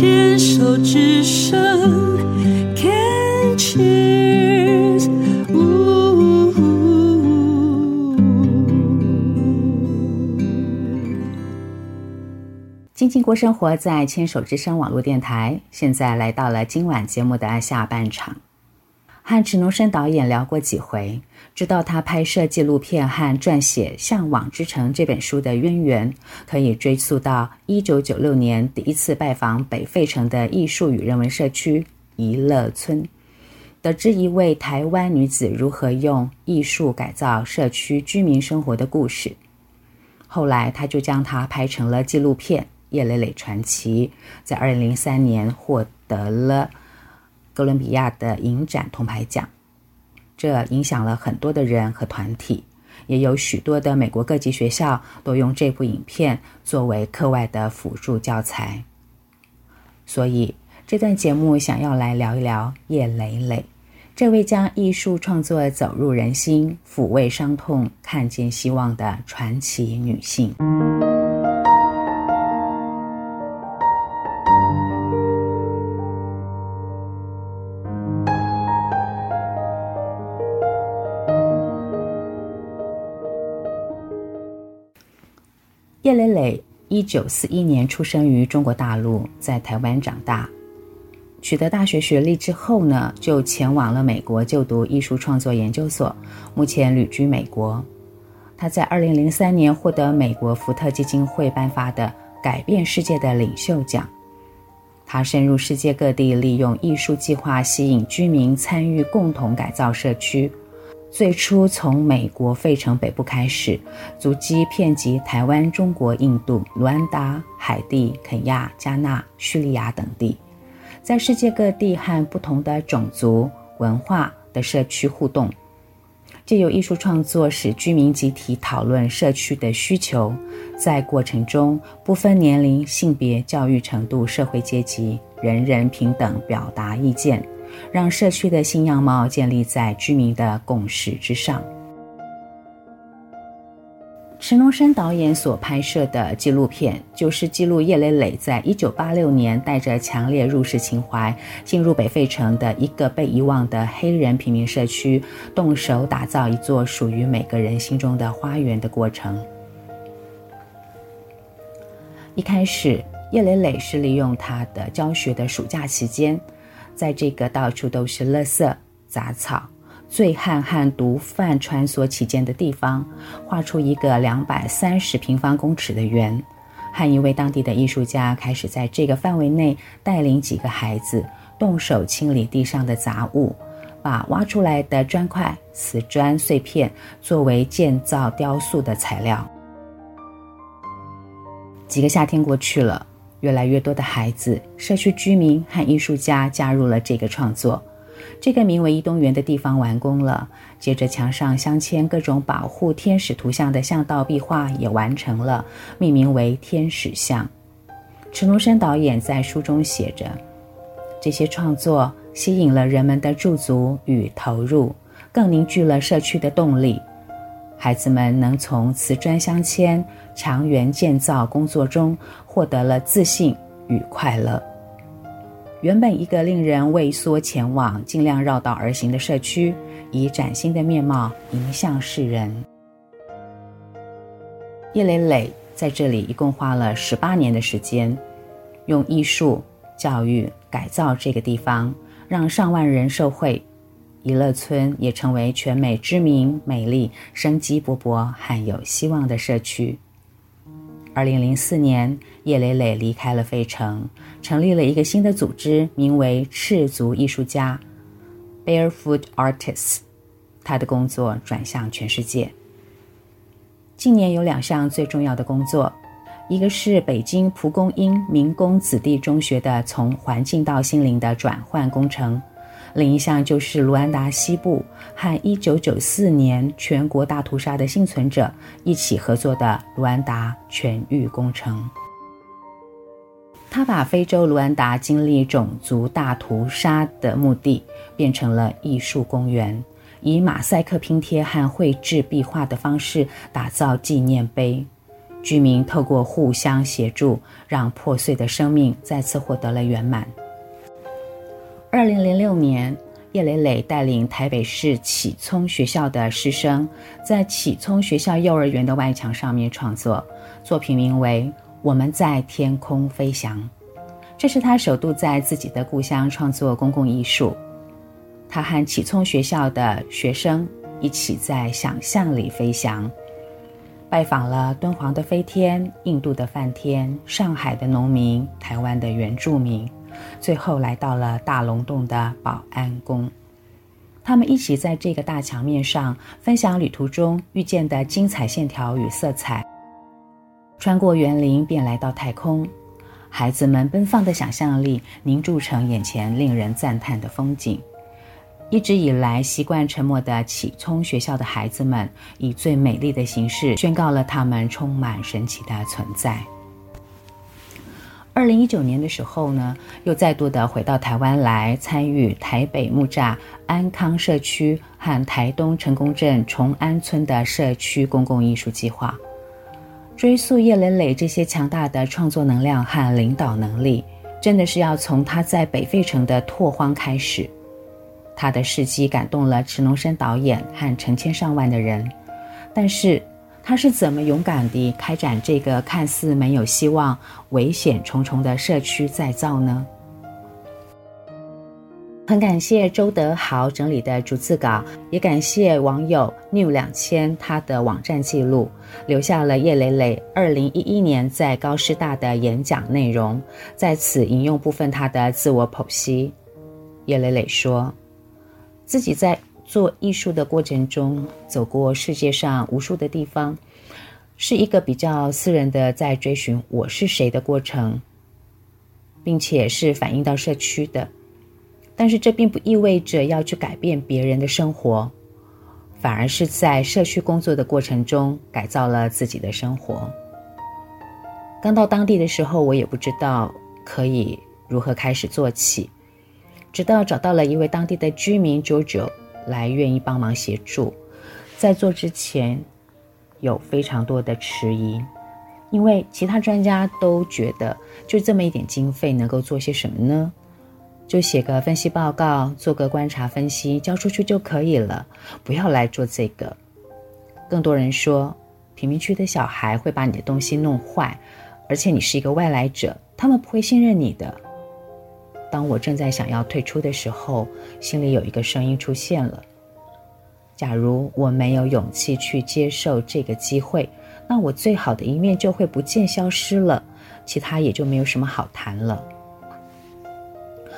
牽手之聲 Can't choose，靜靜過生活，在牽手之聲網絡電台，現在來到了今晚節目的下半場。和池農深導演聊過幾回，知道他拍攝紀錄片和撰寫《嚮往之城》這本書的淵源，可以追溯到1996年第一次拜訪北費城的藝術與人文社區——怡樂村，得知一位台灣女子如何用藝術改造社區居民生活的故事。後來，他就將它拍成了紀錄片《葉蕾蕾傳奇》，在2003年獲得了。哥倫比亞的影展銅牌獎，這影響了很多的人和團體，也有許多的美國各級學校都用這部影片作為課外的輔助教材。所以，這段節目想要來聊一聊葉蕾蕾，這位將藝術創作走入人心、撫慰傷痛、看見希望的傳奇女性。一九四一年出生於中國大陸，在台灣長大。取得大學學歷之後呢，就前往了美國就讀藝術創作研究所。目前旅居美國。她在二零零三年獲得美國福特基金會頒發的改變世界的領袖獎。她深入世界各地，利用藝術計劃吸引居民參與，共同改造社區。最初從美國費城北部開始，足跡遍及台灣、中國、印度、盧安達、海地、肯亞、加納、敘利亞等地，在世界各地和不同的種族文化的社區互動，借由藝術創作使居民集體討論社區的需求，在過程中，不分年齡、性別、教育程度、社會階級，人人平等表達意見。讓社區的新樣貌建立在居民的共識之上。池農深導演所拍攝的紀錄片，就是記錄葉蕾蕾在1986年帶着強烈入世情懷，進入北費城的一個被遺忘的黑人平民社區，動手打造一座屬於每個人心中的花園的過程。一開始，葉蕾蕾是利用他的教學的暑假期間。在這個到處都是垃圾、雜草、醉漢和毒販穿梭其間的地方，畫出一個兩百三十平方公尺的圓，和一位當地的藝術家開始在這個範圍內帶領幾個孩子動手清理地上的雜物，把挖出來的磚塊、瓷磚碎片作為建造雕塑的材料。幾個夏天過去了。越來越多的孩子、社區居民和藝術家加入了這個創作。這個名為伊東園的地方完工了。接着，牆上鑲嵌各種保護天使圖像的巷道壁畫也完成了，命名為“天使巷”。池農深導演在書中寫着：“這些創作吸引了人們的駐足與投入，更凝聚了社區的動力。”孩子們能從瓷磚鑲嵌、牆垣建造工作中獲得了自信與快樂。原本一個令人畏縮、前往盡量繞道而行的社區，以嶄新的面貌迎向世人。葉蕾蕾在這裡一共花了十八年的時間，用藝術教育改造這個地方，讓上萬人受惠。怡樂村也成為全美知名、美麗、生機勃勃、很有希望的社區。二零零四年，葉蕾蕾離開了費城，成立了一個新的組織，名為“赤足藝術家 ”（Barefoot Artists）。他的工作轉向全世界。近年有兩項最重要的工作，一個是北京蒲公英民工子弟中學的從環境到心靈的轉換工程。另一項就是盧安達西部和1994年全國大屠殺的倖存者一起合作的盧安達痊癒工程。她把非洲盧安達經歷種族大屠殺的墓地變成了藝術公園，以馬賽克拼貼和繪制壁畫的方式打造紀念碑。居民透過互相協助，讓破碎的生命再次獲得了圓滿。二零零六年，葉蕾蕾帶領台北市啟聰學校的師生，在啟聰學校幼兒園的外牆上面創作，作品名為《我們在天空飛翔》。這是他首度在自己的故鄉創作公共藝術。他和啟聰學校的學生一起在想象裡飛翔，拜訪了敦煌的飛天、印度的梵天、上海的農民、台灣的原住民。最後來到了大龍峒的保安宮，他們一起在這個大牆面上分享旅途中遇見的精彩線條與色彩。穿過園林，便來到太空。孩子們奔放的想象力凝鑄成眼前令人讚嘆的風景。一直以來習慣沉默的啟聰學校的孩子們，以最美麗的形式宣告了他們充滿神奇的存在。二零一九年的時候呢，又再度的回到台灣來參與台北木柵安康社區和台東成功鎮重安村的社區公共藝術計劃。追溯葉蕾蕾這些強大的創作能量和領導能力，真的是要從他在北費城的拓荒開始。他的事跡感動了池農深導演和成千上萬的人，但是。他是怎麼勇敢地開展這個看似沒有希望、危險重重的社區再造呢？很感謝周德豪整理的逐字稿，也感謝網友 new 兩千他的網站記錄，留下了葉蕾蕾2011年在高師大的演講內容。在此引用部分他的自我剖析。葉蕾蕾說自己在。做藝術的過程中，走過世界上無數的地方，是一個比較私人的在追尋“我是誰”的過程，並且是反映到社區的。但是這並不意味着要去改變別人的生活，反而是在社區工作的過程中改造了自己的生活。剛到當地的時候，我也不知道可以如何開始做起，直到找到了一位當地的居民 JoJo。來願意幫忙協助，在做之前有非常多的遲疑，因為其他專家都覺得就這麼一點經費能夠做些什麼呢？就寫個分析報告，做個觀察分析，交出去就可以了，不要來做這個。更多人說，貧民區的小孩會把你的東西弄壞，而且你是一個外來者，他們不會信任你的。當我正在想要退出的時候，心裡有一個聲音出現了。假如我沒有勇氣去接受這個機會，那我最好的一面就會不見消失了，其他也就沒有什麼好談了。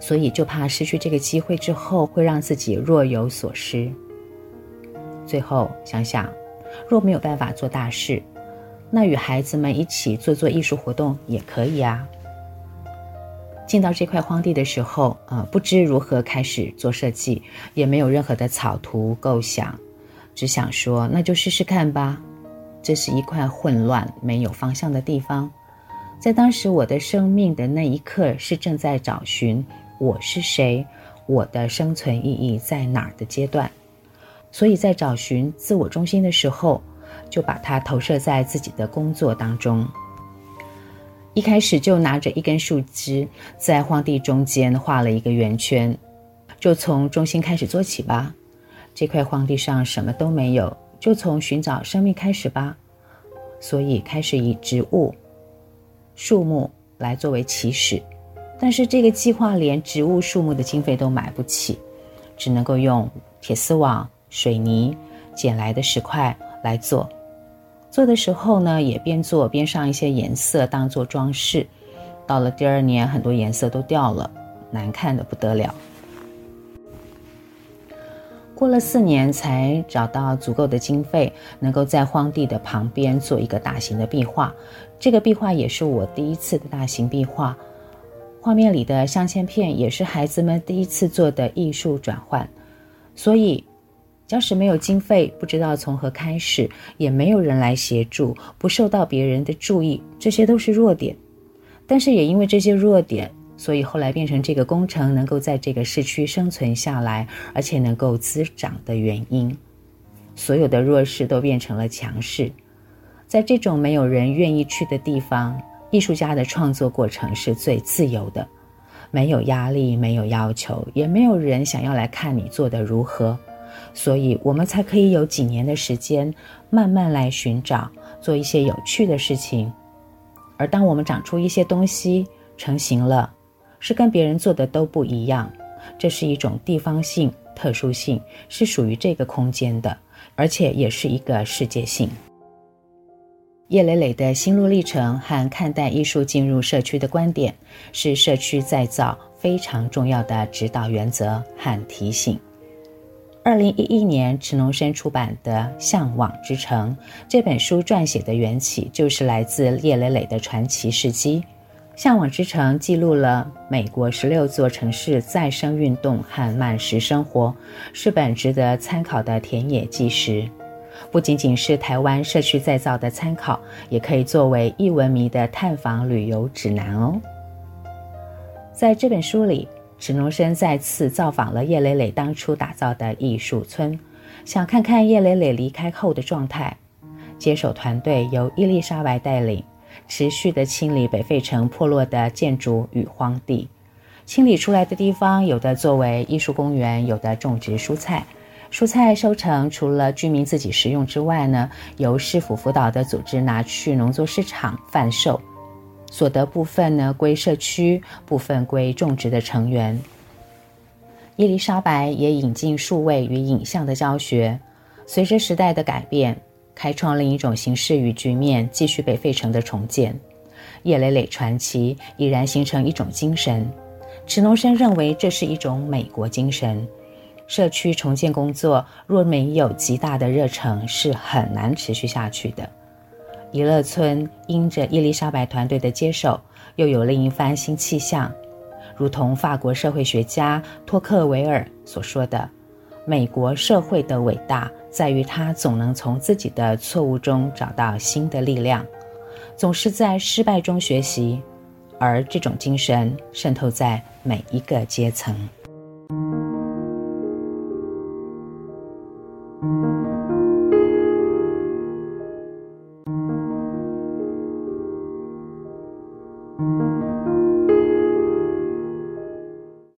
所以就怕失去這個機會之後，會讓自己若有所失。最後想想，若沒有辦法做大事，那與孩子們一起做做藝術活動也可以啊。進到這塊荒地的時候，啊、呃，不知如何開始做設計，也沒有任何的草圖構想，只想說，那就試試看吧。這是一塊混亂、沒有方向的地方。在當時我的生命的那一刻，是正在找尋我是誰，我的生存意義在哪兒的階段。所以在找尋自我中心的時候，就把它投射在自己的工作當中。一開始就拿着一根樹枝，在荒地中間畫了一個圓圈，就從中心開始做起吧。這塊荒地上什麼都沒有，就從尋找生命開始吧。所以開始以植物、樹木來作為起始，但是這個計劃連植物、樹木的經費都買不起，只能夠用鐵絲網、水泥、撿來的石塊來做。做的時候呢，也邊做邊上一些顏色當做裝飾，到了第二年，很多顏色都掉了，難看得不得了。過了四年，才找到足夠的經費，能夠在荒地的旁邊做一個大型的壁畫。這個壁畫也是我第一次的大型壁畫，畫面裡的鑲嵌片也是孩子們第一次做的藝術轉換，所以。當時沒有經費，不知道從何開始，也沒有人來協助，不受到別人的注意，這些都是弱點。但是也因為這些弱點，所以後來變成這個工程能夠在這個市區生存下來，而且能夠滋長的原因。所有的弱勢都變成了強勢。在這種沒有人願意去的地方，藝術家的創作過程是最自由的，沒有壓力，沒有要求，也沒有人想要來看你做得如何。所以，我們才可以有幾年的時間，慢慢來尋找，做一些有趣的事情。而當我們長出一些東西，成型了，是跟別人做的都不一樣，這是一種地方性、特殊性，是屬於這個空間的，而且也是一個世界性。葉蕾蕾的心路歷程和看待藝術進入社區的觀點，是社區再造非常重要的指導原則和提醒。二零一一年，池農深出版的《向往之城》這本書撰寫的緣起，就是來自葉蕾蕾的傳奇事跡。《向往之城》記錄了美國十六座城市再生運動和慢食生活，是本值得參考的田野紀實。不僅僅是台灣社區再造的參考，也可以作為藝文迷的探訪旅遊指南哦。在這本書裡，池農深再次造訪了葉蕾蕾當初打造的藝術村，想看看葉蕾蕾離開後的狀態。接手團隊由伊麗莎白帶領，持續地清理北費城破落的建築與荒地。清理出來的地方，有的作為藝術公園，有的種植蔬菜。蔬菜收成除了居民自己食用之外呢，由市府輔導的組織拿去農作市場販售。所得部分呢，歸社區，部分歸種植的成員。伊麗莎白也引進數位與影像的教學。隨着時代的改變，開創另一種形式與局面，繼續北費城的重建。葉蕾蕾傳奇已然形成一種精神。池農深認為這是一種美國精神。社區重建工作若沒有極大的熱忱，是很難持續下去的。怡樂村因着伊麗莎白團隊的接手，又有另一番新氣象。如同法國社會學家托克維爾所說的，美國社會的偉大在於它總能從自己的錯誤中找到新的力量，總是在失敗中學習，而這種精神滲透在每一個階層。